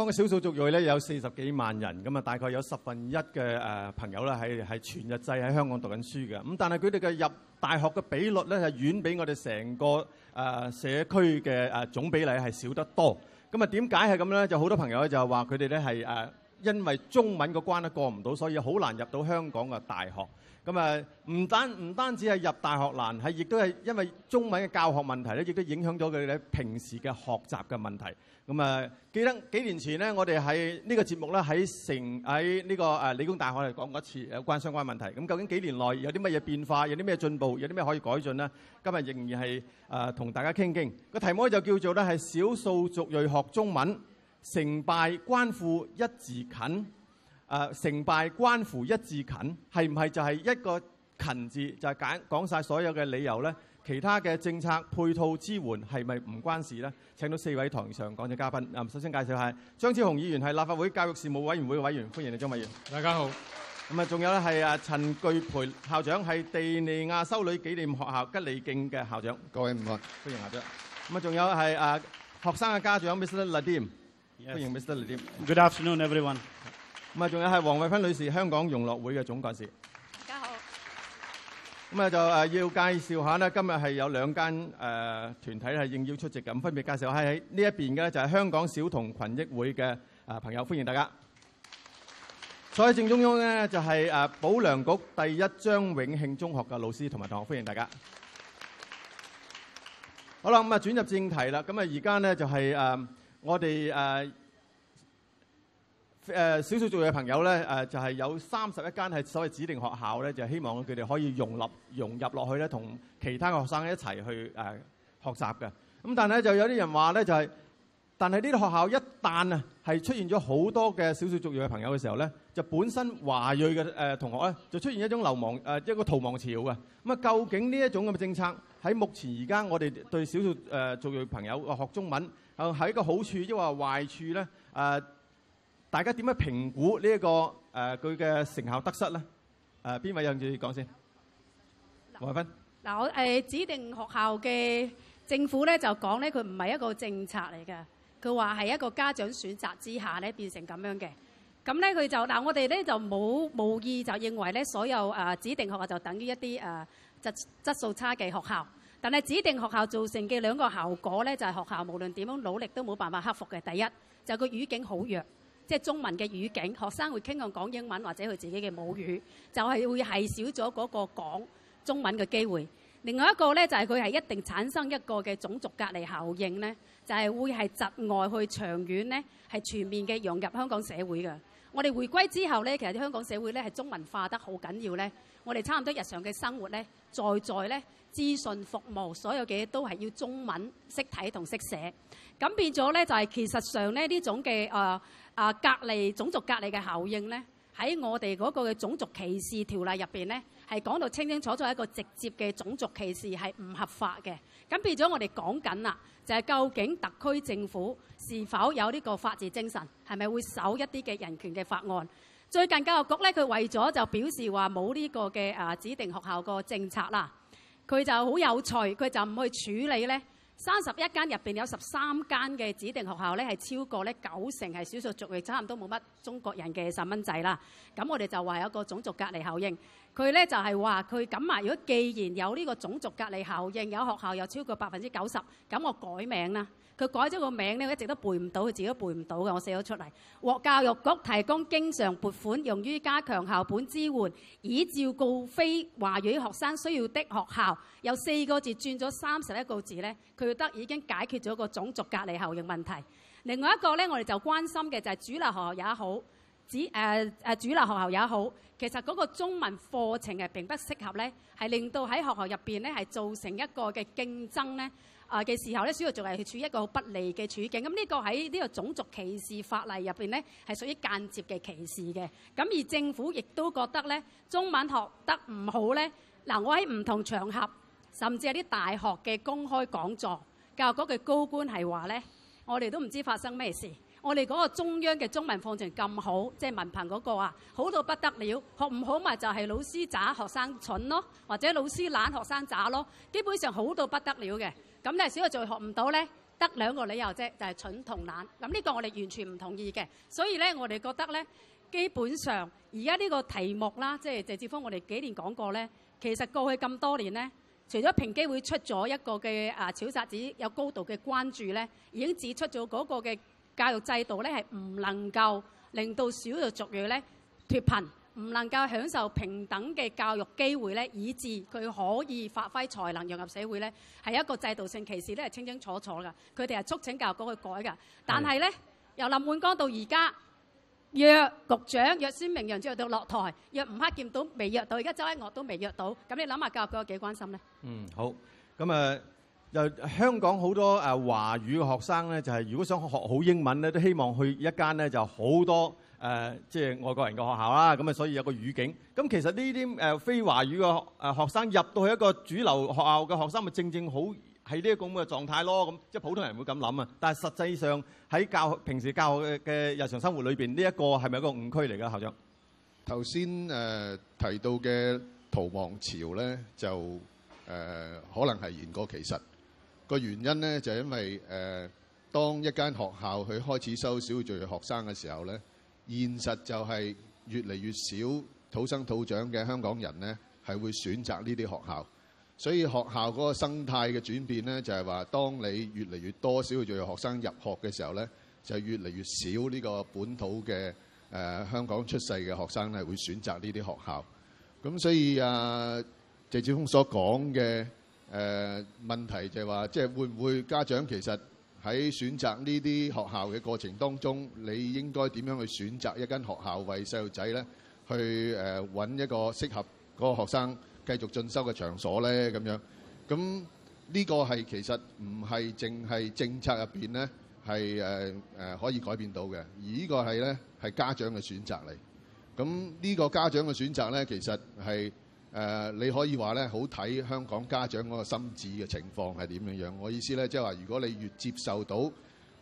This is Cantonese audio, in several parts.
香港嘅少數族裔咧有四十幾萬人，咁啊大概有十分一嘅誒朋友咧係係全日制喺香港讀緊書嘅，咁但係佢哋嘅入大學嘅比率咧係遠比我哋成個誒社區嘅誒總比例係少得多。咁啊點解係咁咧？就好多朋友咧就話，佢哋咧係誒因為中文個關咧過唔到，所以好難入到香港嘅大學。咁啊，唔單唔單止係入大學難，係亦都係因為中文嘅教學問題咧，亦都影響咗佢哋咧平時嘅學習嘅問題。咁啊，記得幾年前咧，我哋喺呢個節目咧，喺城喺呢個誒理工大學嚟講過一次有關相關問題。咁究竟幾年內有啲乜嘢變化，有啲咩進步，有啲咩可以改進咧？今日仍然係誒同大家傾傾個題目咧，就叫做咧係少數族裔學中文，成敗關乎一字勤。誒成敗關乎一字勤，係唔係就係一個勤字就係簡講曬所有嘅理由咧？其他嘅政策配套支援係咪唔關事咧？請到四位台上講嘅嘉賓。咁首先介紹下張超雄議員係立法會教育事務委員會嘅委員，歡迎你，張委員。大家好。咁啊，仲有咧係啊陳鉅培校長係地利亞修女紀念學校吉利徑嘅校長。各位午安，歡迎校長。咁啊，仲有係啊學生嘅家長 Mr. Laddim，歡迎 Mr. Laddim。Good afternoon, everyone. 咁啊，仲有係王惠芬女士，香港融樂會嘅總幹事。大家好。咁啊，就誒要介紹下咧，今日係有兩間誒團體咧應邀出席咁，分別介紹係喺呢一邊嘅咧，就係香港小童群益會嘅啊朋友，歡迎大家。坐喺正中央咧，就係誒保良局第一張永慶中學嘅老師同埋同學，歡迎大家。好啦，咁啊轉入正題啦。咁啊，而家咧就係誒我哋誒。誒少數族裔的朋友咧，誒、呃、就係、是、有三十一間係所謂指定學校咧，就希望佢哋可以融入融入落去咧，同其他嘅學生一齊去誒、呃、學習嘅。咁、嗯、但係咧，就有啲人話咧，就係，但係呢啲學校一旦啊係出現咗好多嘅少數族裔嘅朋友嘅時候咧，就本身華裔嘅誒、呃、同學咧，就出現了一種流亡誒、呃、一個逃亡潮嘅。咁、嗯、啊，究竟呢一種咁嘅政策喺目前而家我哋對少數誒族裔的朋友學中文啊係一個好處，抑或係壞處咧？誒、呃？大家點樣評估呢、這、一個誒佢嘅成效得失咧？誒、呃、邊位有嘢講先、啊？王惠芬，嗱，我誒指定學校嘅政府咧就講咧，佢唔係一個政策嚟嘅，佢話係一個家長選擇之下咧變成咁樣嘅。咁咧佢就嗱，我哋咧就冇冇意就認為咧所有誒指定學校就等於一啲誒質質素差嘅學校。但係指定學校造成嘅兩個效果咧，就係學校無論點樣努力都冇辦法克服嘅。第一就個、係、語境好弱。即係中文嘅語境，學生會傾向講英文或者佢自己嘅母語，就係會係少咗嗰個講中文嘅機會。另外一個咧就係佢係一定產生一個嘅種族隔離效應咧，就係會係窒礙去長遠咧係全面嘅融入香港社會嘅。我哋回歸之後咧，其實啲香港社會咧係中文化得好緊要咧。我哋差唔多日常嘅生活咧，在在咧資訊服務所有嘅都係要中文識睇同識寫。咁變咗咧，就係其實上咧呢種嘅誒。啊！隔離種族隔離嘅效應咧，喺我哋嗰個嘅種族歧視條例入邊咧，係講到清清楚楚一個直接嘅種族歧視係唔合法嘅。咁變咗我哋講緊啦，就係究竟特區政府是否有呢個法治精神，係咪會守一啲嘅人權嘅法案？最近教育局咧，佢為咗就表示話冇呢個嘅啊指定學校個政策啦，佢就好有趣，佢就唔去處理咧。31間入邊有13間嘅指定學校咧，係超過咧9成係少數族裔，差唔多冇乜中國人嘅細蚊仔啦。咁我哋就話有個種族隔離效應，佢咧就係話佢咁啊，如果既然有呢個種族隔離效應，有學校又超過百分之90，咁我改名啦。佢改咗個名咧，我一直都背唔到，佢自己都背唔到嘅。我寫咗出嚟，獲教育局提供經常撥款，用於加強校本支援，以照顧非華語學生需要的學校。有四個字轉咗三十一個字咧，佢覺得已經解決咗個種族隔離效應問題。另外一個咧，我哋就關心嘅就係主流學校也好，主誒誒主流學校也好，其實嗰個中文課程係並不適合咧，係令到喺學校入邊咧係造成一個嘅競爭咧。啊嘅時候呢，小要仲係處於一個好不利嘅處境。咁呢個喺呢個種族歧視法例入面呢，係屬於間接嘅歧視嘅。而政府亦都覺得呢，中文學得唔好呢。嗱，我喺唔同場合，甚至有啲大學嘅公開講座，教育局嘅高官係話呢：「我哋都唔知發生咩事。我哋嗰個中央嘅中文課程咁好，即係文憑嗰個啊，好到不得了。學唔好咪就係老師渣學生蠢咯，或者老師懶學生渣咯，基本上好到不得了嘅。咁咧，少數族裔學唔到咧，得兩個理由啫，就係蠢同懶。咁呢個我哋完全唔同意嘅，所以咧，我哋覺得咧，基本上而家呢個題目啦，即係謝志峰，我哋幾年講過咧，其實過去咁多年咧，除咗平機會出咗一個嘅啊，小冊子有高度嘅關注咧，已經指出咗嗰個嘅教育制度咧，係唔能夠令到少數族裔咧脫貧。唔能夠享受平等嘅教育機會咧，以致佢可以發揮才能融入社會咧，係一個制度性歧視咧，係清清楚楚噶。佢哋係促請教育局去改噶。但係咧，由林煥光到而家，約局長、約孫明揚之後到落台，約吳克儉都未約到，而家周一岳都未約到。咁你諗下，教育局有幾關心咧？嗯，好。咁啊，又香港好多誒華語嘅學生咧，就係如果想學好英文咧，都希望去一間咧就好多。誒、呃，即係外國人嘅學校啦，咁啊，所以有個語境。咁其實呢啲誒非華語嘅誒學、呃、學生入到去一個主流學校嘅學生，咪正正好係呢一個咁嘅狀態咯。咁、嗯、即係普通人會咁諗啊。但係實際上喺教學平時教學嘅日常生活裏邊，呢、這、一個係咪一個誤區嚟㗎，校長？頭先誒提到嘅逃亡潮咧，就誒、呃、可能係言過其實。個原因咧就因為誒、呃、當一間學校佢開始收小聚嘅學生嘅時候咧。現實就係越嚟越少土生土長嘅香港人呢，係會選擇呢啲學校。所以學校嗰個生態嘅轉變呢，就係話，當你越嚟越多小眾學生入學嘅時候呢，就越嚟越少呢個本土嘅誒香港出世嘅學生係會選擇呢啲學校。咁所以啊，謝志峰所講嘅誒問題就係話，即係會唔會家長其實？喺選擇呢啲學校嘅過程當中，你應該點樣去選擇一間學校為細路仔咧？去誒搵一個適合嗰個學生繼續進修嘅場所咧？咁樣，咁呢個係其實唔係淨係政策入邊咧，係誒誒可以改變到嘅。而呢個係咧係家長嘅選擇嚟。咁呢個家長嘅選擇咧，其實係。誒、呃，你可以話咧，好睇香港家長嗰個心智嘅情況係點樣樣？我意思呢，即係話，如果你越接受到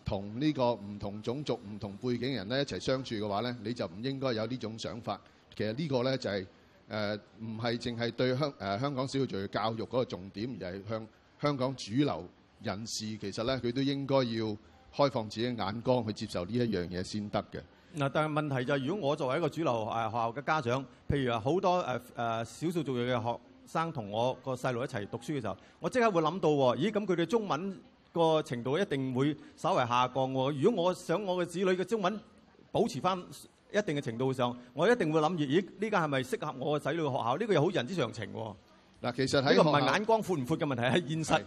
同呢個唔同種族、唔同背景人咧一齊相處嘅話呢，你就唔應該有呢種想法。其實呢個呢，就係、係、誒，唔係淨係對香誒香港少數族裔教育嗰個重點，而係向香港主流人士，其實呢，佢都應該要開放自己嘅眼光去接受呢一樣嘢先得嘅。嗱，但係問題就係，如果我作為一個主流誒學校嘅家長，譬如話好多誒誒少數族裔嘅學生同我個細路一齊讀書嘅時候，我即刻會諗到喎，咦？咁佢哋中文個程度一定會稍為下降喎。如果我想我嘅子女嘅中文保持翻一定嘅程度上，我一定會諗住，咦？呢間係咪適合我嘅仔女嘅學校？呢個又好人之常情喎。嗱，其實喺呢個唔係眼光闊唔闊嘅問題，係現實。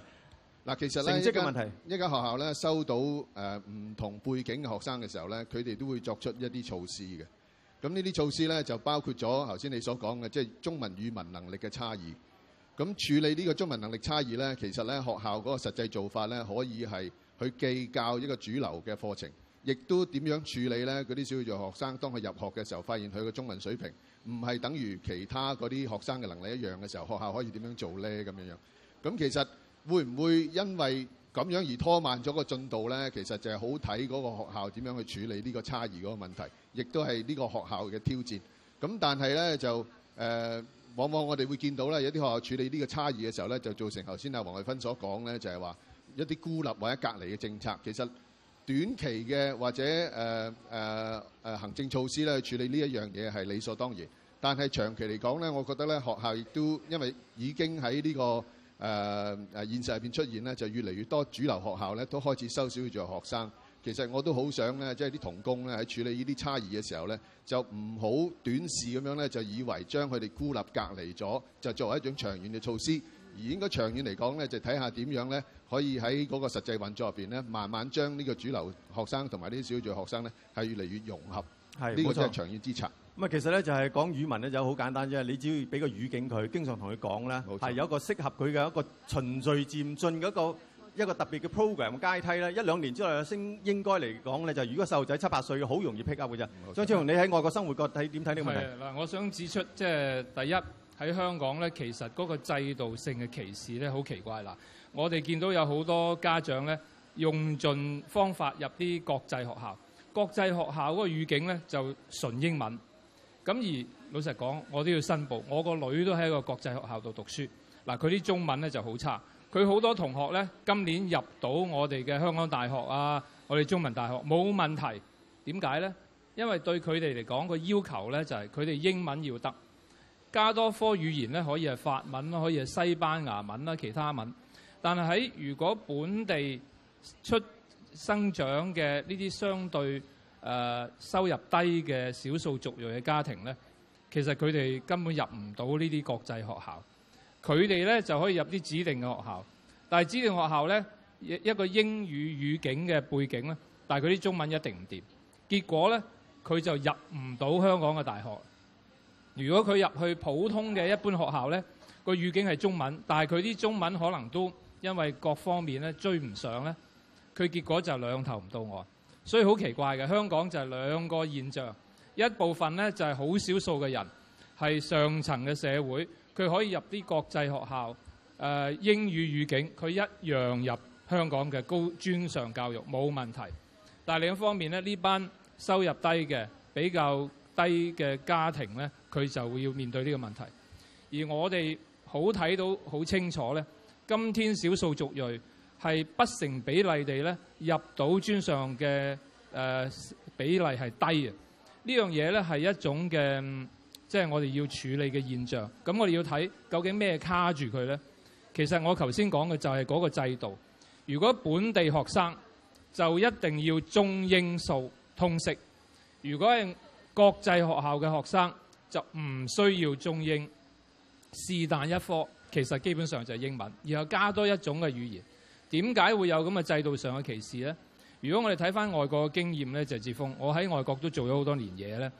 嗱，其實咧，問題一間學校咧收到誒唔同背景嘅學生嘅時候咧，佢哋都會作出一啲措施嘅。咁呢啲措施咧就包括咗頭先你所講嘅，即係中文語文能力嘅差異，咁處理呢個中文能力差異咧，其實咧學校，嗰個實際做法咧，可以係去計較一個主流嘅課程，亦都點樣處理咧嗰啲少數族裔學生，當佢入學嘅時候發現佢嘅中文水平唔係等於其他嗰啲學生嘅能力一樣嘅時候，學校可以點樣做咧咁樣樣，咁其實。會唔會因為咁樣而拖慢咗個進度呢？其實就係好睇嗰個學校點樣去處理呢個差異嗰個問題，亦都係呢個學校嘅挑戰。咁但係呢，就誒、呃，往往我哋會見到呢，有啲學校處理呢個差異嘅時候呢，就造成頭先阿王惠芬所講呢，就係、是、話一啲孤立或者隔離嘅政策，其實短期嘅或者誒誒誒行政措施咧去處理呢一樣嘢係理所當然。但係長期嚟講呢，我覺得呢，學校亦都因為已經喺呢、這個。誒、呃、誒現實入邊出現咧，就越嚟越多主流學校咧都開始收少數族裔學生。其實我都好想咧，即係啲同工咧喺處理呢啲差異嘅時候咧，就唔好短視咁樣咧，就以為將佢哋孤立隔離咗，就作為一種長遠嘅措施。而應該長遠嚟講咧，就睇下點樣咧，可以喺嗰個實際運作入邊咧，慢慢將呢個主流學生同埋呢啲少數族裔學生咧係越嚟越融合。係，呢、這個真係長遠之策。其實呢，就係講語文呢就好簡單啫。你只要畀個語境佢，經常同佢講啦，係有個適合佢嘅一個循序漸進嘅一個，一個特別嘅 program 階梯呢，一兩年之後，升應該嚟講呢，就是如果細路仔七八歲，好容易 pick up 嘅啫。張超雄，你喺外國生活過，睇點睇呢個問題？我想指出，即係第一喺香港呢，其實嗰個制度性嘅歧視呢，好奇怪嗱。我哋見到有好多家長呢，用盡方法入啲國際學校。國際學校嗰個語境呢，就純英文。咁而老實講，我都要申報，我個女都喺一個國際學校度讀書。嗱，佢啲中文咧就好差，佢好多同學咧今年入到我哋嘅香港大學啊，我哋中文大學冇問題。點解咧？因為對佢哋嚟講，個要求咧就係佢哋英文要得，加多科語言咧可以係法文啦，可以係西班牙文啦，其他文。但係喺如果本地出生長嘅呢啲相對。Uh, 收入低嘅少數族裔嘅家庭呢，其實佢哋根本入唔到呢啲國際學校，佢哋呢就可以入啲指定嘅學校，但係指定學校呢，一個英語語境嘅背景呢，但係佢啲中文一定唔掂，結果呢，佢就入唔到香港嘅大學。如果佢入去普通嘅一般學校呢，個語境係中文，但係佢啲中文可能都因為各方面追唔上呢，佢結果就兩頭唔到岸。所以好奇怪嘅，香港就係兩個現象，一部分咧就係、是、好少數嘅人係上層嘅社會，佢可以入啲國際學校，誒、呃、英語語境，佢一樣入香港嘅高專上教育冇問題，但係另一方面咧，呢班收入低嘅比較低嘅家庭咧，佢就會要面對呢個問題，而我哋好睇到好清楚咧，今天少數族裔。係不成比例地咧入到專上嘅、呃、比例係低嘅，呢樣嘢咧係一種嘅，即係我哋要處理嘅現象。咁我哋要睇究竟咩卡住佢咧？其實我頭先講嘅就係嗰個制度。如果本地學生就一定要中英數通識，如果係國際學校嘅學生就唔需要中英，是但一科，其實基本上就係英文，然後加多一種嘅語言。點解會有咁嘅制度上嘅歧視咧？如果我哋睇翻外國嘅經驗咧，謝志峰，我喺外國都做咗好多年嘢咧。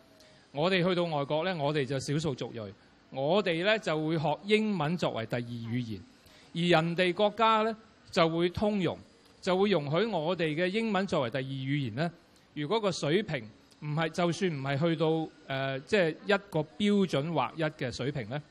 我哋去到外國咧，我哋就少數族裔，我哋咧就會學英文作為第二語言，而人哋國家咧就會通融，就會容許我哋嘅英文作為第二語言咧。如果個水平唔係，就算唔係去到誒，即係一個標準或一嘅水平咧，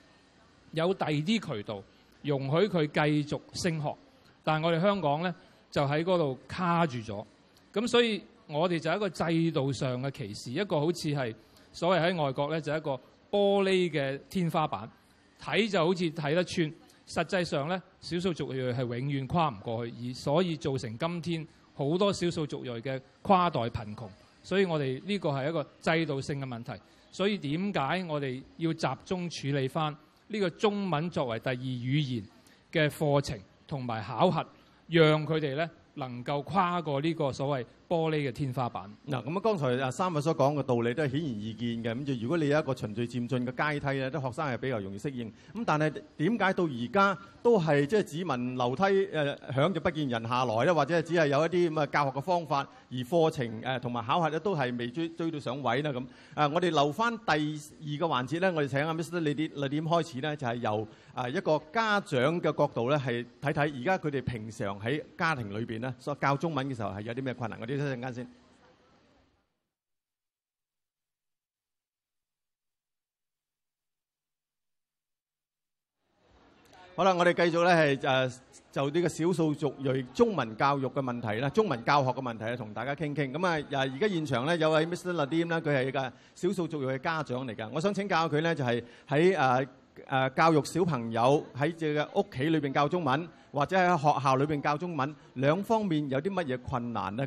有第二啲渠道容許佢繼續升學。但係我哋香港咧就喺嗰度卡住咗，咁所以我哋就一個制度上嘅歧視，一個好似係所謂喺外國咧就係一個玻璃嘅天花板，睇就好似睇得穿，實際上咧少數族裔係永遠跨唔過去，所以造成今天好多少數族裔嘅跨代貧窮，所以我哋呢個係一個制度性嘅問題，所以點解我哋要集中處理翻呢個中文作為第二語言嘅課程？同埋考核，讓佢哋咧能夠跨過呢個所謂玻璃嘅天花板。嗱，咁啊，剛才啊三位所講嘅道理都係顯而易見嘅。咁就如果你有一個循序漸進嘅階梯咧，啲學生係比較容易適應。咁但係點解到而家都係即係只聞樓梯誒響就不見人下來咧？或者只係有一啲咁嘅教學嘅方法，而課程誒同埋考核咧都係未追追到上位啦咁。啊，我哋留翻第二個環節咧，我哋請啊 Mr 李啲李啲開始咧，就係由啊一個家長嘅角度咧係睇睇而家佢哋平常喺家庭裏邊咧所教中文嘅時候係有啲咩困難嗰啲。大家先好啦，我哋繼續咧係誒就呢個少數族裔中文教育嘅問題啦，中文教學嘅問題啊，同大家傾傾。咁啊，誒而家現場咧有位 Mr. Nadim 啦，佢係一個少數族裔嘅家長嚟㗎。我想請教下佢咧，就係喺誒誒教育小朋友喺自己屋企裏邊教中文，或者喺學校裏邊教中文，兩方面有啲乜嘢困難咧？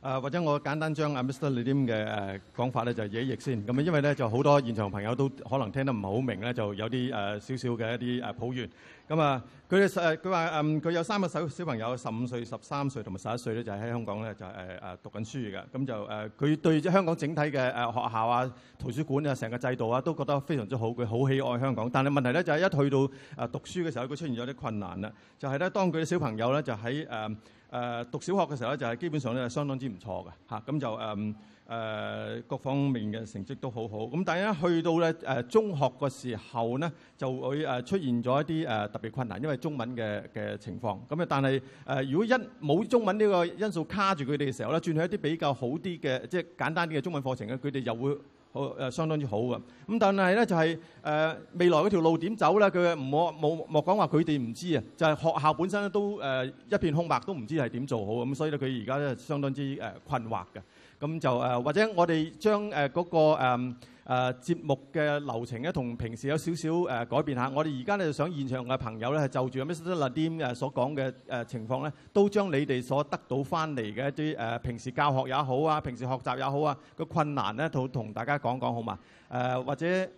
啊，或者我簡單將阿 Mr. 李啲咁嘅誒講法咧，就譯譯先咁啊，因為咧就好多現場朋友都可能聽得唔係好明咧，就有啲誒少少嘅一啲誒抱怨。咁啊，佢哋誒，佢話嗯，佢有三個小小朋友，十五歲、十三歲同埋十一歲咧，就喺香港咧就誒誒讀緊書㗎。咁就誒，佢對香港整體嘅誒學校啊、圖書館啊、成個制度啊，都覺得非常之好，佢好喜愛香港。但係問題咧就係一去到誒讀書嘅時候，佢出現咗啲困難啦。就係咧，當佢啲小朋友咧就喺誒。誒讀小學嘅時候咧，就係基本上咧係相當之唔錯嘅，嚇咁就誒誒各方面嘅成績都好好。咁但係咧去到咧誒中學個時候咧，就會誒出現咗一啲誒特別困難，因為中文嘅嘅情況。咁啊，但係誒如果一冇中文呢個因素卡住佢哋嘅時候咧，轉去一啲比較好啲嘅即係簡單啲嘅中文課程咧，佢哋又會。好誒，相當之好嘅。咁，但係咧就係誒未來嗰條路點走咧？佢唔好冇莫講話佢哋唔知啊，就係學校本身咧都誒一片空白，都唔知係點做好咁，所以咧佢而家咧相當之誒困惑嘅。咁就誒或者我哋將誒嗰個誒。誒節目嘅流程咧，同平時有少少誒改變下。我哋而家咧就想現場嘅朋友咧，就住阿咩西德納店誒所講嘅誒情況咧，都將你哋所得到翻嚟嘅一啲誒平時教學也好啊，平時學習也好啊，個困難咧，都同大家講講好嘛。誒或者，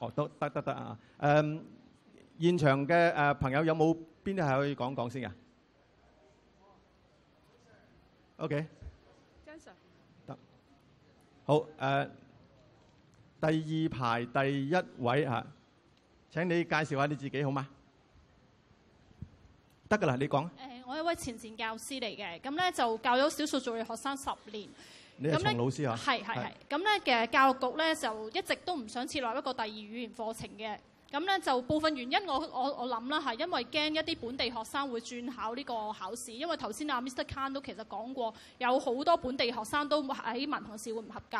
哦都得得得啊。誒現場嘅誒朋友有冇邊啲係可以講講先嘅？O K。張 Sir。得。好誒。第二排第一位嚇，請你介紹下你自己好嗎？得噶啦，你講。誒、呃，我係一位前線教師嚟嘅，咁咧就教咗少數族裔嘅學生十年。你係陳老師嚇、啊？係係係。咁咧嘅教育局咧就一直都唔想設立一個第二語言課程嘅。咁咧就部分原因我，我我我諗啦，係因為驚一啲本地學生會轉考呢個考試，因為頭先阿 Mr. Khan 都其實講過，有好多本地學生都喺文憑試會唔合格。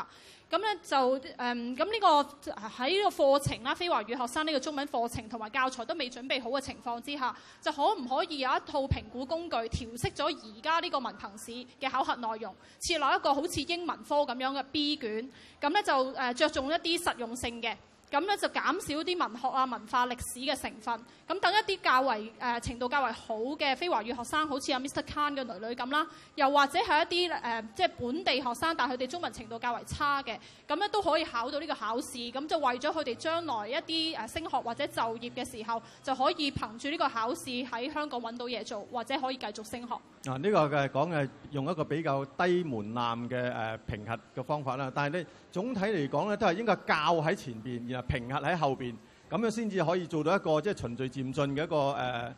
咁咧就誒，咁、嗯、呢、呢個喺呢個課程啦，非華語學生呢個中文課程同埋教材都未準備好嘅情況之下，就可唔可以有一套評估工具調適咗而家呢個文憑試嘅考核內容，設立一個好似英文科咁樣嘅 B 卷，咁咧就誒着重一啲實用性嘅。咁咧就減少啲文學啊、文化歷史嘅成分。咁等一啲較為、呃、程度較為好嘅非華語學生，好似阿 Mr. Khan 嘅女女咁啦，又或者係一啲、呃、即係本地學生，但係佢哋中文程度較為差嘅，咁咧都可以考到呢個考試。咁就為咗佢哋將來一啲升學或者就業嘅時候，就可以憑住呢個考試喺香港揾到嘢做，或者可以繼續升學。嗱、啊，呢、這個嘅講嘅用一個比較低門檻嘅誒、呃、評核嘅方法啦，但係咧。總體嚟講咧，都係應該教喺前邊，然後評核喺後邊，咁樣先至可以做到一個即係循序漸進嘅一個誒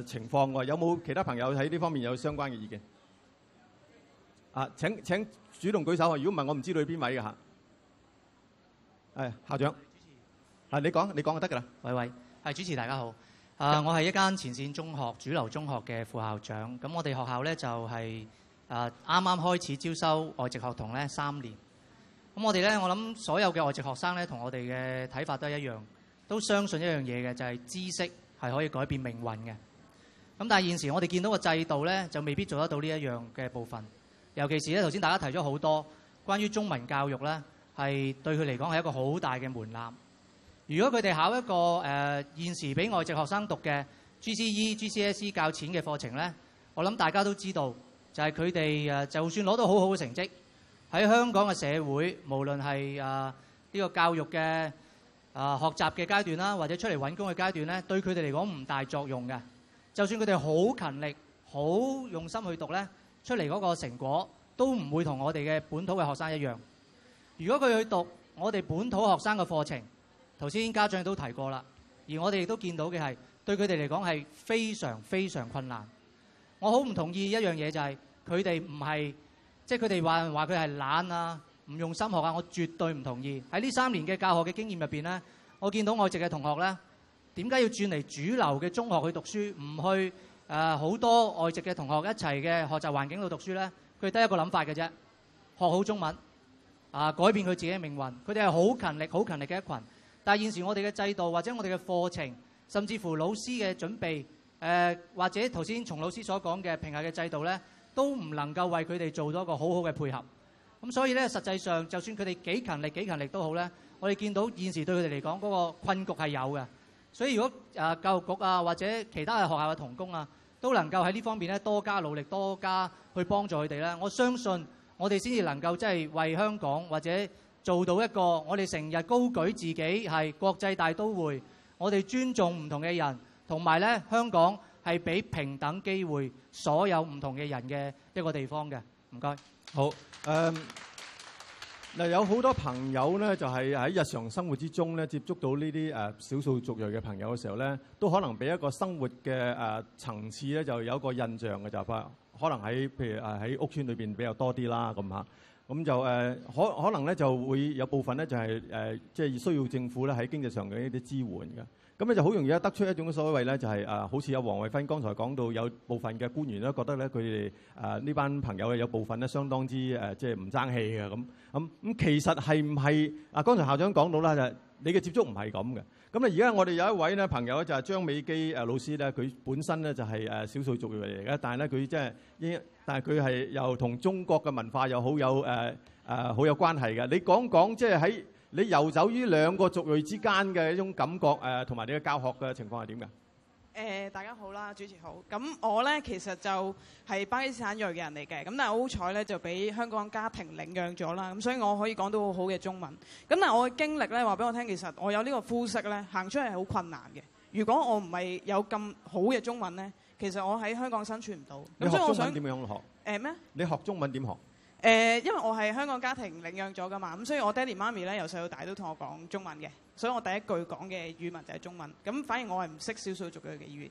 誒情況。喎，有冇其他朋友喺呢方面有相關嘅意見啊？請請主動舉手啊！如果唔係，我唔知道你邊位嘅嚇。誒，校長，嗱你講你講就得㗎啦。喂喂，係主持，大家好。啊，我係一間前線中學主流中學嘅副校長。咁我哋學校咧就係啊啱啱開始招收外籍學童咧三年。咁我哋咧，我諗所有嘅外籍學生咧，同我哋嘅睇法都係一樣，都相信一樣嘢嘅，就係知識係可以改變命運嘅。咁但係現時我哋見到個制度咧，就未必做得到呢一樣嘅部分。尤其是咧，頭先大家提咗好多關於中文教育咧，係對佢嚟講係一個好大嘅門檻。如果佢哋考一個誒現時俾外籍學生讀嘅 GCE、GCSE 較淺嘅課程咧，我諗大家都知道，就係佢哋誒就算攞到好好嘅成績。喺香港嘅社會，無論係啊呢個教育嘅啊學習嘅階段啦，或者出嚟揾工嘅階段咧，對佢哋嚟講唔大作用嘅。就算佢哋好勤力、好用心去讀咧，出嚟嗰個成果都唔會同我哋嘅本土嘅學生一樣。如果佢去讀我哋本土學生嘅課程，頭先家長都提過啦，而我哋亦都見到嘅係對佢哋嚟講係非常非常困難。我好唔同意一樣嘢，就係佢哋唔係。即係佢哋話話佢係懶啊，唔用心學啊，我絕對唔同意。喺呢三年嘅教學嘅經驗入邊咧，我見到外籍嘅同學咧，點解要轉嚟主流嘅中學去讀書，唔去、呃、好多外籍嘅同學一齊嘅學習環境度讀書咧？佢得一個諗法嘅啫，學好中文啊、呃，改變佢自己嘅命運。佢哋係好勤力、好勤力嘅一群，但係現時我哋嘅制度或者我哋嘅課程，甚至乎老師嘅準備、呃、或者頭先從老師所講嘅評核嘅制度咧。都唔能夠為佢哋做到一個好好嘅配合，咁所以咧，實際上就算佢哋幾勤力幾勤力都好咧，我哋見到現時對佢哋嚟講嗰個困局係有嘅。所以如果誒教育局啊或者其他嘅學校嘅同工啊，都能夠喺呢方面咧多加努力、多加去幫助佢哋咧，我相信我哋先至能夠即係為香港或者做到一個我哋成日高舉自己係國際大都會，我哋尊重唔同嘅人，同埋咧香港，係俾平等機會所有唔同嘅人嘅一個地方嘅，唔該。好，誒嗱，有好多朋友咧，就係喺日常生活之中咧，接觸到呢啲誒少數族裔嘅朋友嘅時候咧，都可能俾一個生活嘅誒層次咧，就有一個印象嘅就係話，可能喺譬如誒喺屋村裏邊比較多啲啦，咁嚇，咁就誒可可能咧就會有部分咧就係誒即係需要政府咧喺經濟上嘅一啲支援嘅。咁咧就好容易咧得出一種所謂咧，就係誒，好似有王惠芬剛才講到，有部分嘅官員咧覺得咧，佢哋誒呢班朋友咧有部分咧相當之誒，即係唔爭氣嘅咁咁咁。其實係唔係？啊，剛才校長講到啦，就係你嘅接觸唔係咁嘅。咁咧而家我哋有一位咧朋友咧就係張美基誒老師咧，佢本身咧就係誒少數族裔嚟嘅，但係咧佢即係依，但係佢係又同中國嘅文化又好有誒誒好有關係嘅。你講講即係喺，你遊走於兩個族裔之間嘅一種感覺，誒同埋你嘅教學嘅情況係點㗎？誒，大家好啦，主持好。咁我咧其實就係巴基斯坦裔嘅人嚟嘅，咁但係好彩咧就俾香港家庭領養咗啦，咁所以我可以講到好好嘅中文。咁但係我嘅經歷咧話俾我聽，其實我有呢個膚色咧，行出去係好困難嘅。如果我唔係有咁好嘅中文咧，其實我喺香港生存唔到。你學中文點樣學？誒咩？你學中文點學？誒、呃，因為我係香港家庭領養咗噶嘛，咁所以我爹哋媽咪咧由細到大都同我講中文嘅，所以我第一句講嘅語文就係中文。咁反而我係唔識少數族裔嘅語言。咁、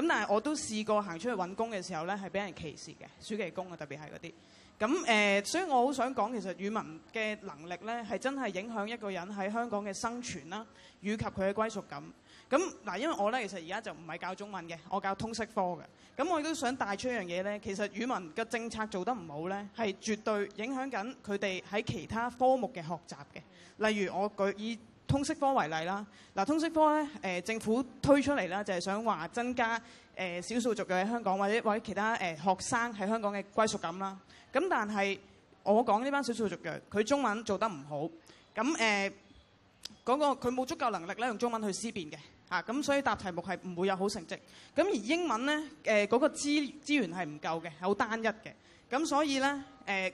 okay. 但係我都試過行出去揾工嘅時候咧，係俾人歧視嘅，暑期工啊，特別係嗰啲。咁誒、呃，所以我好想講，其實語文嘅能力咧，係真係影響一個人喺香港嘅生存啦，與及佢嘅歸屬感。咁嗱，因為我咧其實而家就唔係教中文嘅，我教通識科嘅。咁我亦都想帶出一樣嘢咧，其實語文嘅政策做得唔好咧，係絕對影響緊佢哋喺其他科目嘅學習嘅。例如我舉以通識科為例啦，嗱通識科咧、呃、政府推出嚟啦，就係、是、想話增加誒、呃、少數族嘅喺香港或者或者其他誒、呃、學生喺香港嘅歸屬感啦。咁但係我講呢班少數族嘅，佢中文做得唔好，咁誒嗰個佢冇足夠能力咧用中文去思辨嘅。啊，咁所以答題目係唔會有好成績。咁而英文咧，誒嗰個資資源係唔夠嘅，係好單一嘅。咁所以咧，誒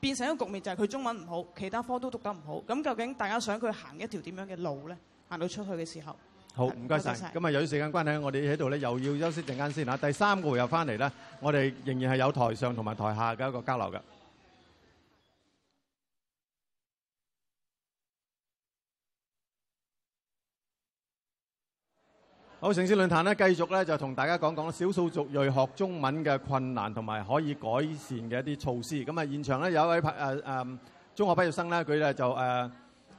變成一個局面就係佢中文唔好，其他科都讀得唔好。咁究竟大家想佢行一條點樣嘅路咧？行到出去嘅時候，好唔該晒。咁啊，有啲時間關係，我哋喺度咧又要休息陣間先吓。第三個回合翻嚟咧，我哋仍然係有台上同埋台下嘅一個交流嘅。。好，城市論壇咧，繼續咧就同大家講講少數族裔學中文嘅困難同埋可以改善嘅一啲措施。咁啊，現場咧有一位、呃呃、中學畢業生咧，佢咧就、呃、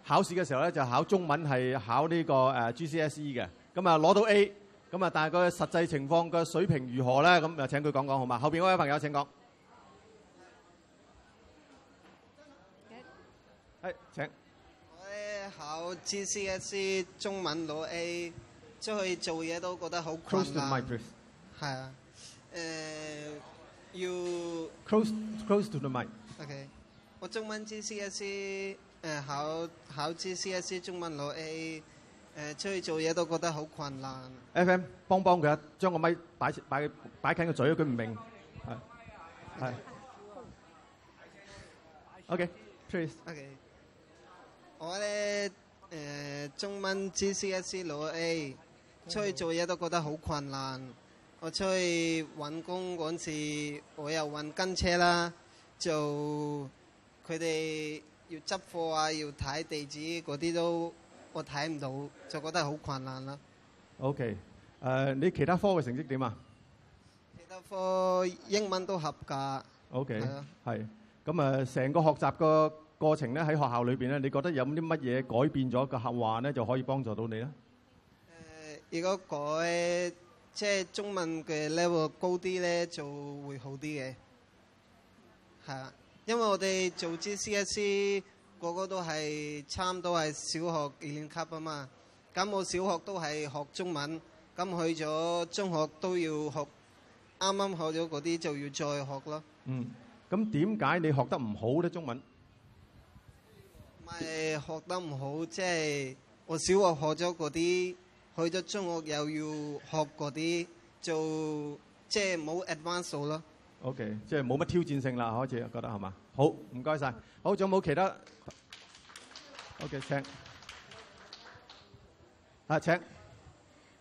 考試嘅時候咧就考中文係考呢、呢個出去做嘢都覺得好困難，係啊，誒要 close close to the mic。O.K. 我中文 G.C.S.E. 誒考考 G.C.S.E. 中文攞 A，誒出去做嘢都覺得好困難。F.M. 幫幫佢啊，將個咪擺擺擺近個嘴，佢唔明。係係。O.K. Please。O.K. 我咧誒中文 G.C.S.E. 攞 A。出去做嘢都覺得好困難。我出去揾工嗰陣時，我又揾跟車啦，就佢哋要執貨啊，要睇地址嗰啲都我睇唔到，就覺得好困難啦。OK，誒、uh,，你其他科嘅成績點啊？其他科英文都合格。OK，係咁誒，成、呃、個學習個過程咧，喺學校裏邊咧，你覺得有啲乜嘢改變咗個習慣咧，就可以幫助到你咧？如果改即係中文嘅 level 高啲咧，就會好啲嘅，係啊，因為我哋做啲 GCSE 個個都係差唔多都係小學幾年級啊嘛，咁我小學都係學中文，咁去咗中學都要學，啱啱學咗嗰啲就要再學咯。嗯，咁點解你學得唔好咧？中文咪學得唔好，即係我小學學咗嗰啲。去咗中學又要學嗰啲，做，即係冇 advance 咯。OK，即係冇乜挑戰性啦，開始覺得係嘛？好，唔該晒。好，仲有冇其他？OK，請。啊，請。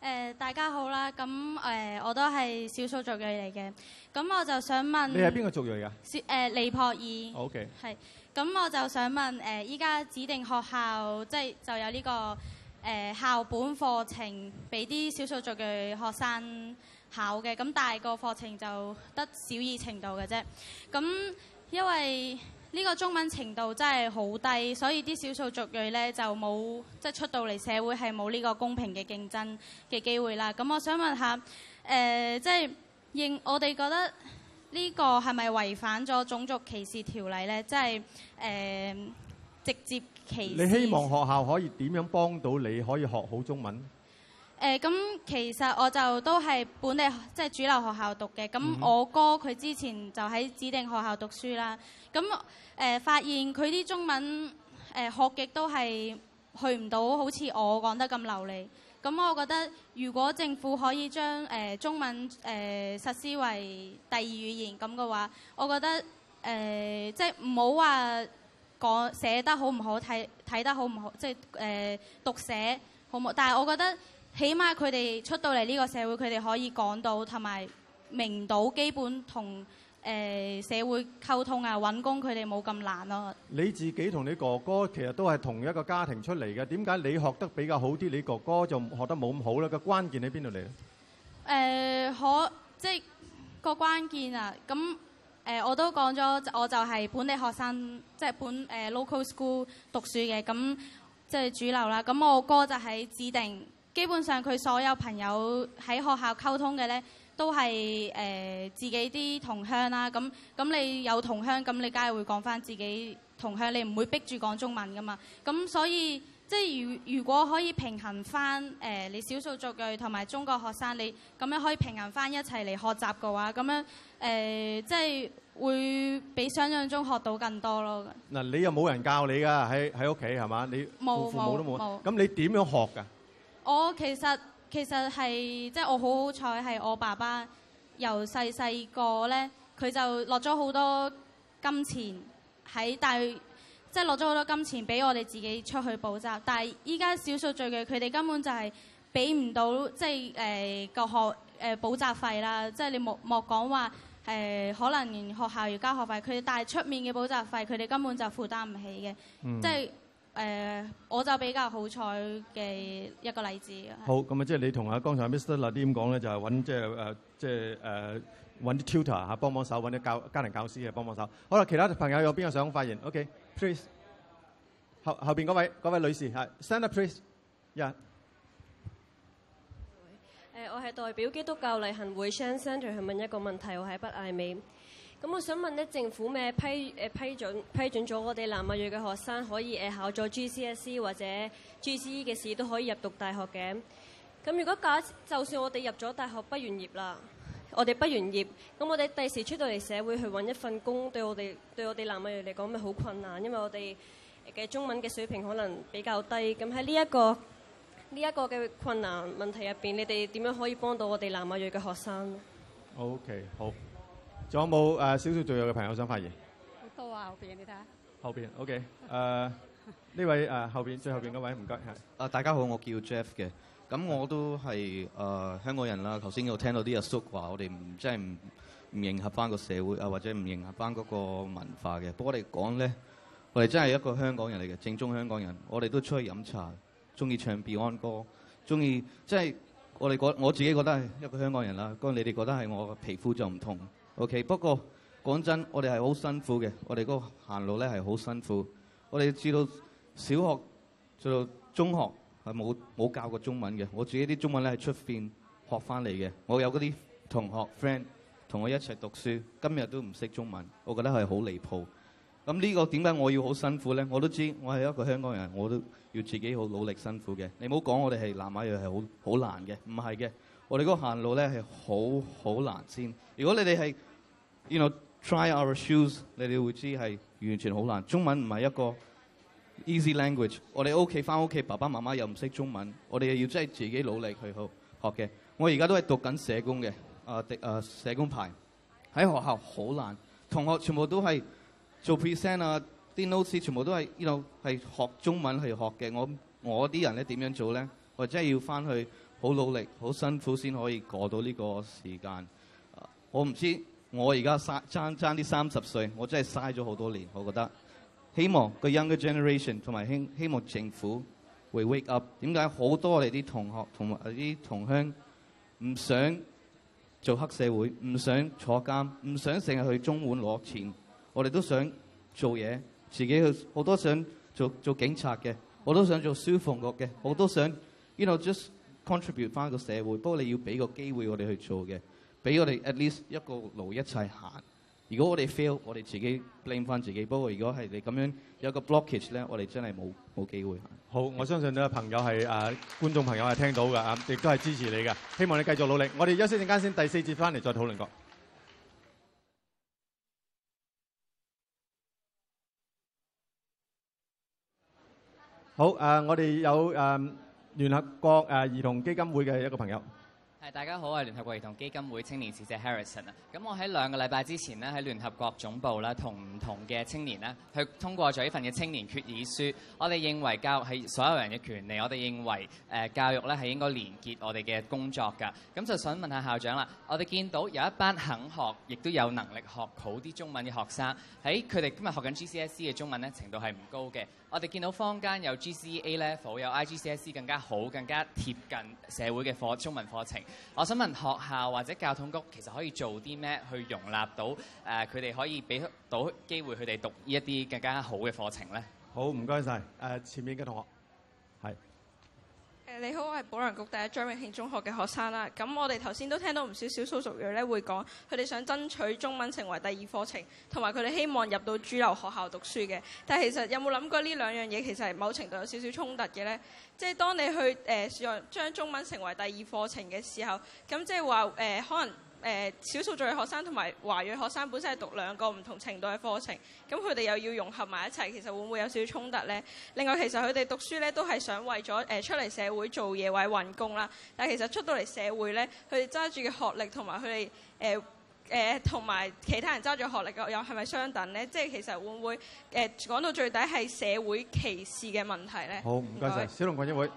誒，大家好啦。咁誒，我都係少數族裔嚟嘅。咁我就想問，你係邊個族裔㗎？誒，尼泊爾。OK。係。咁我就想問誒，依家指定學校即係就有呢個。誒校本課程俾啲少數族裔學生考嘅，咁大個課程就得小二程度嘅啫。咁因為呢個中文程度真係好低，所以啲少數族裔呢就冇即係出到嚟社會係冇呢個公平嘅競爭嘅機會啦。咁我想問下，誒即係認我哋覺得呢個係咪違反咗種族歧視條例呢？即係誒直接。你希望學校可以點樣幫到你，可以學好中文？誒、呃，咁其實我就都係本地即係、就是、主流學校讀嘅。咁我哥佢之前就喺指定學校讀書啦。咁誒、呃、發現佢啲中文誒、呃、學極都係去唔到，好似我講得咁流利。咁我覺得，如果政府可以將誒、呃、中文誒、呃、實施為第二語言咁嘅話，我覺得誒、呃、即係唔好話。講寫得好唔好，睇睇得好唔好，即係誒、呃、讀寫好唔好。但係我覺得起碼佢哋出到嚟呢個社會，佢哋可以講到同埋明到基本同誒、呃、社會溝通啊，搵工佢哋冇咁難咯、啊。你自己同你哥哥其實都係同一個家庭出嚟嘅，點解你學得比較好啲，你哥哥就學得冇咁好咧？個關鍵喺邊度嚟咧？誒、呃，可即係個關鍵啊！咁、嗯。誒、呃，我都講咗，我就係本地學生，即係本、誒、呃、local school 讀書嘅，咁即係主流啦。咁我哥就喺指定，基本上佢所有朋友喺學校溝通嘅呢，都係誒、呃、自己啲同鄉啦。咁咁你有同鄉，咁你梗係會講翻自己同鄉，你唔會逼住講中文㗎嘛。咁所以即係如如果可以平衡翻誒、呃、你少數族裔同埋中國學生，你咁樣可以平衡翻一齊嚟學習嘅話，咁樣。誒、呃，即、就、係、是、會比想像中學到更多咯。嗱，你又冇人教你㗎？喺喺屋企係嘛？你冇父母都冇？咁你點樣學㗎？我其實其實係即係我好好彩，係我爸爸由細細個咧，佢就落咗好多金錢喺大，即係落咗好多金錢俾我哋自己出去補習。但係依家少數族裔，佢哋根本就係俾唔到，即係誒個學、呃、補習費啦。即、就、係、是、你莫莫講話。誒、呃、可能學校要交學費，佢但係出面嘅補習費，佢哋根本就負擔唔起嘅、嗯。即係誒、呃，我就比較好彩嘅一個例子。好，咁啊，即係你同阿剛才 Mr l 嗰啲點講咧，就係揾即係誒，即係誒揾啲 tutor 吓，幫幫手，揾啲教家庭教師嘅幫幫手。好啦，其他朋友有邊個想發言？OK，please，、okay。後後邊嗰位位女士係，stand up please，y、yeah. 我係代表基督教勵行會 Shan Center 去問一個問題，我喺北艾美。咁我想問咧，政府咩批誒批准批准咗我哋南亞裔嘅學生可以誒考咗 GCSE 或者 GCE 嘅試都可以入讀大學嘅。咁如果假就算我哋入咗大學畢完業啦，我哋畢完業，咁我哋第時出到嚟社會去揾一份工，對我哋對我哋南亞裔嚟講，咪好困難，因為我哋嘅中文嘅水平可能比較低。咁喺呢一個呢、這、一個嘅困難問題入邊，你哋點樣可以幫到我哋南亞裔嘅學生 o、okay, k 好，仲有冇誒少少在場嘅朋友想發言？好多 okay,、呃 呃、謝謝啊，後邊你睇下。後邊 OK，誒呢位誒後邊最後邊嗰位唔該，係大家好，我叫 Jeff 嘅，咁我都係誒、呃、香港人啦。頭先有聽到啲阿叔話我哋唔即係唔唔迎合翻個社會啊，或者唔迎合翻嗰個文化嘅。不過我哋講咧，我哋真係一個香港人嚟嘅，正宗香港人，我哋都出去飲茶。中意唱 Beyond 歌，中意即係我哋覺，我自己覺得係一個香港人啦。咁，你哋覺得係我皮膚就唔同。OK，不過講真，我哋係好辛苦嘅，我哋嗰個行路咧係好辛苦。我哋至到小學至到中學係冇冇教過中文嘅，我自己啲中文咧係出邊學翻嚟嘅。我有嗰啲同學 friend 同我一齊讀書，今日都唔識中文，我覺得係好離譜。咁呢個點解我要好辛苦咧？我都知，我係一個香港人，我都要自己好努力辛苦嘅。你唔好講我哋係南亞人係好好難嘅，唔係嘅，我哋嗰行路咧係好好難先。如果你哋係，you know，try our shoes，你哋會知係完全好難。中文唔係一個 easy language，我哋屋企返屋企，爸爸媽媽又唔識中文，我哋要真係自己努力去好學嘅。我而家都係讀緊社工嘅，啊、呃，啊、呃、社工牌喺學校好難，同學全部都係。做 present 啊，啲 notes 全部都係 you know 係學中文去學嘅。我我啲人咧點樣做咧？我真係要返去好努力、好辛苦先可以過到呢個時間。Uh, 我唔知我而家嘥爭爭啲三十歲，我真係嘥咗好多年。我覺得希望個 younger generation 同埋希希望政府會 wake up。點解好多我哋啲同學同埋啲同鄉唔想做黑社會，唔想坐監，唔想成日去中碗攞錢？我哋都想做嘢，自己去好多想做做警察嘅，我都想做消防局嘅，我都想，you know，just contribute 翻個社會，不過你要俾個機會我哋去做嘅，俾我哋 at least 一個路一齊行。如果我哋 fail 我哋自己 blame 翻自己，不過如果係你咁樣有個 blockage 咧，我哋真係冇冇機會。好，我相信呢朋友係啊觀眾朋友係聽到嘅啊，亦都係支持你嘅，希望你繼續努力。我哋休息陣間先，第四節翻嚟再討論過。好，誒，我哋有誒聯合國誒兒童基金會嘅一個朋友。係，大家好，我係聯合國兒童基金會青年使者 Harrison 啊。咁我喺兩個禮拜之前咧，喺聯合國總部咧，同唔同嘅青年咧，去通過咗一份嘅青年決議書。我哋認為教育係所有人嘅權利，我哋認為誒教育咧係應該連結我哋嘅工作㗎。咁就想問下校長啦，我哋見到有一班肯學，亦都有能力學好啲中文嘅學生，喺佢哋今日學緊 GCSE 嘅中文咧，程度係唔高嘅。我哋見到坊間有 GCSE Level 有 IGCSE 更加好、更加貼近社會嘅課中文課程。我想問學校或者教統局其實可以做啲咩去容納到誒佢哋可以俾到機會佢哋讀呢一啲更加好嘅課程咧？好，唔該晒誒，前面嘅同學。你好，我係保良局第一張永慶中學嘅學生啦。咁我哋頭先都聽到唔少少數族裔咧會講，佢哋想爭取中文成為第二課程，同埋佢哋希望入到主流學校讀書嘅。但係其實有冇諗過呢兩樣嘢其實係某程度有少少衝突嘅呢？即係當你去誒將中文成為第二課程嘅時候，咁即係話誒可能。誒、呃、小數族裔學生同埋華裔學生本身係讀兩個唔同程度嘅課程，咁佢哋又要融合埋一齊，其實會唔會有少少衝突呢？另外，其實佢哋讀書呢都係想為咗誒、呃、出嚟社會做嘢或者揾工啦。但係其實出到嚟社會呢，佢哋揸住嘅學歷同埋佢哋誒誒同埋其他人揸住學歷又有係咪相等呢？即係其實會唔會誒講、呃、到最底係社會歧視嘅問題呢？好，唔該晒，小龍講一回。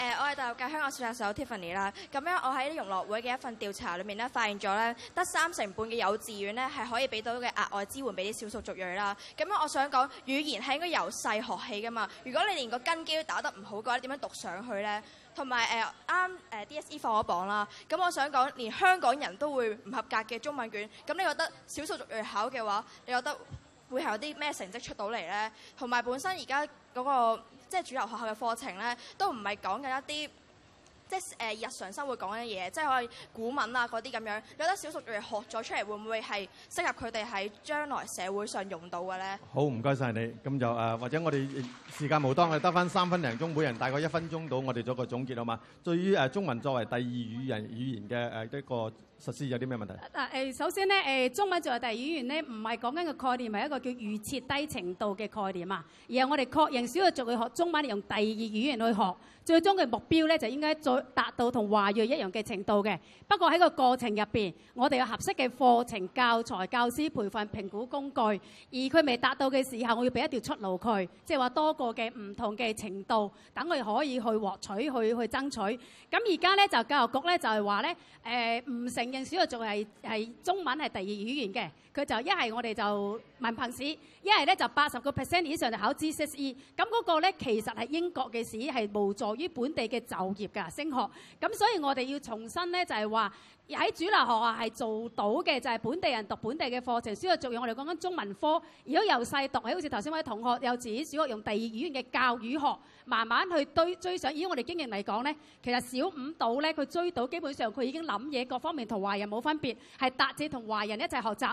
誒、呃，我係大律界香港小冊手 Tiffany 啦。咁樣我喺啲融樂會嘅一份調查裏面咧，發現咗咧，得三成半嘅幼稚園咧係可以俾到嘅額外支援俾啲少數族裔啦。咁樣我想講語言係應該由細學起噶嘛。如果你連個根基都打得唔好嘅話，你點樣讀上去咧？同埋誒啱誒 DSE 放咗榜啦。咁我想講，連香港人都會唔合格嘅中文卷。咁你覺得少數族裔考嘅話，你覺得會係有啲咩成績出到嚟咧？同埋本身而家嗰個。即係主流學校嘅課程咧，都唔係講緊一啲即係誒日常生活講緊嘅嘢，即係可以古文啊嗰啲咁樣。有得少數族裔學咗出嚟，會唔會係適合佢哋喺將來社會上用到嘅咧？好，唔該晒你。咁就誒、呃，或者我哋時間冇當，係得翻三分零鐘，每人大概一分鐘到。我哋做個總結好嘛？對於誒、呃、中文作為第二語言語言嘅誒一個。實施有啲咩問題？嗱，誒首先咧，誒中文作為第二語言咧，唔係講緊個概念，係一個叫預設低程度嘅概念啊。而係我哋確認小學仲要學中文，用第二語言去學，最終嘅目標咧就應該再達到同華裔一樣嘅程度嘅。不過喺個過程入邊，我哋有合適嘅課程教材、教師培訓、評估工具，而佢未達到嘅時候，我要俾一條出路佢，即係話多個嘅唔同嘅程度，等佢可以去獲取、去去爭取。咁而家咧就教育局咧就係話咧，誒唔成。少嘅仲係係中文係第二語言嘅。佢就一係我哋就文憑試，一係咧就八十個 percent 以上就考 GCE。咁嗰個咧其實係英國嘅試係無助於本地嘅就業㗎，升學。咁所以我哋要重新咧就係、是、話，喺主流學校係做到嘅就係、是、本地人讀本地嘅課程，主要着重我哋講緊中文科。如果由細讀，好似頭先嗰啲同學幼稚園小學用第二語言嘅教語學，慢慢去追追上。以我哋經驗嚟講咧，其實小五到咧佢追到，基本上佢已經諗嘢各方面同華人冇分別，係達至同華人一齊學習。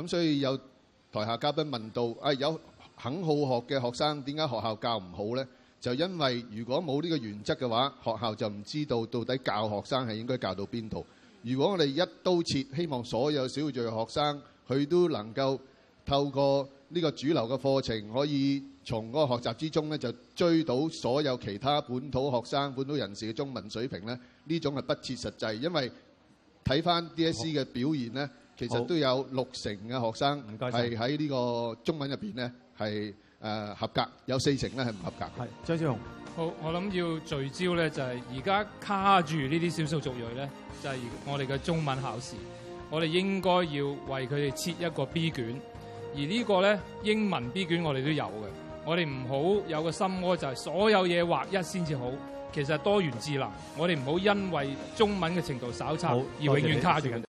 咁所以有台下嘉賓問到，啊、哎、有肯好學嘅學生點解學校教唔好咧？就因為如果冇呢個原則嘅話，學校就唔知道到底教學生係應該教到邊度。如果我哋一刀切，希望所有小眾嘅學生佢都能夠透過呢個主流嘅課程，可以從嗰個學習之中咧，就追到所有其他本土學生、本土人士嘅中文水平咧。呢種係不切實際，因為睇翻 DSE 嘅表現咧。其實都有六成嘅學生唔該係喺呢個中文入邊咧係誒合格，有四成咧係唔合格。張超雄，好，我諗要聚焦咧就係而家卡住呢啲少數族裔咧，就係、是、我哋嘅中文考試。我哋應該要為佢哋設一個 B 卷，而個呢個咧英文 B 卷我哋都有嘅。我哋唔好有個心魔就係所有嘢畫一先至好。其實多元智能，我哋唔好因為中文嘅程度稍差而永遠卡住。謝謝。